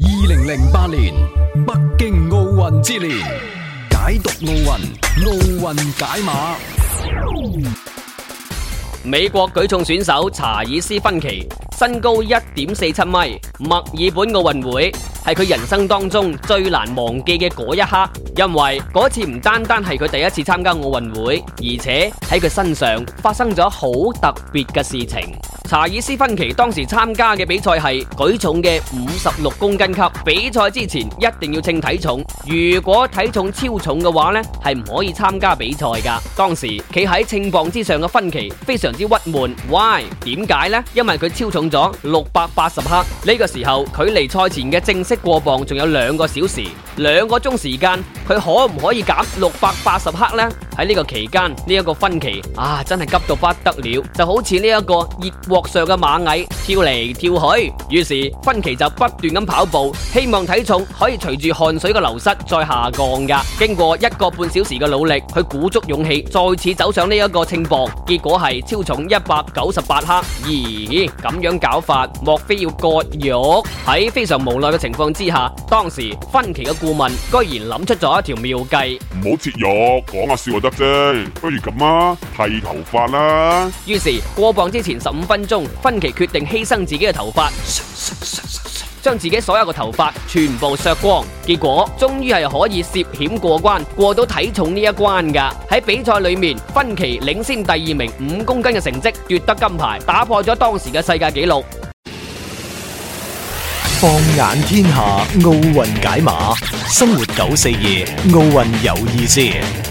二零零八年北京奧運之年，解讀奧運，奧運解碼。美國舉重選手查爾斯·芬奇，身高一點四七米。墨爾本奧運會係佢人生當中最難忘記嘅嗰一刻，因為嗰次唔單單係佢第一次參加奧運會，而且喺佢身上發生咗好特別嘅事情。查爾斯·芬奇當時參加嘅比賽係舉重嘅五十六公斤級。比賽之前一定要稱體重，如果體重超重嘅話呢，係唔可以參加比賽㗎。當時企喺秤磅之上嘅芬奇非常之鬱悶。Why？點解呢？因為佢超重咗六百八十克。呢、這個時候，距離賽前嘅正式過磅仲有兩個小時，兩個鐘時間，佢可唔可以減六百八十克呢？喺呢個期間，呢、這、一個分期啊，真係急到不得了，就好似呢一個熱鍋上嘅螞蟻跳嚟跳去。於是分期就不斷咁跑步，希望體重可以隨住汗水嘅流失再下降噶。經過一個半小時嘅努力，佢鼓足勇氣再次走上呢一個秤磅，結果係超重一百九十八克。咦，咁樣搞法莫非要割肉？喺非常無奈嘅情況之下，當時分期嘅顧問居然諗出咗一條妙計，唔好切肉，講下笑就得。不如咁啊，剃頭髮啦！於是過磅之前十五分鐘，芬奇決定犧牲自己嘅頭髮，將自己所有嘅頭髮全部削光。結果終於係可以涉險過關，過到體重呢一關噶。喺比賽裏面，芬奇領先第二名五公斤嘅成績，奪得金牌，打破咗當時嘅世界紀錄。放眼天下，奧運解碼，生活九四二，奧運有意思。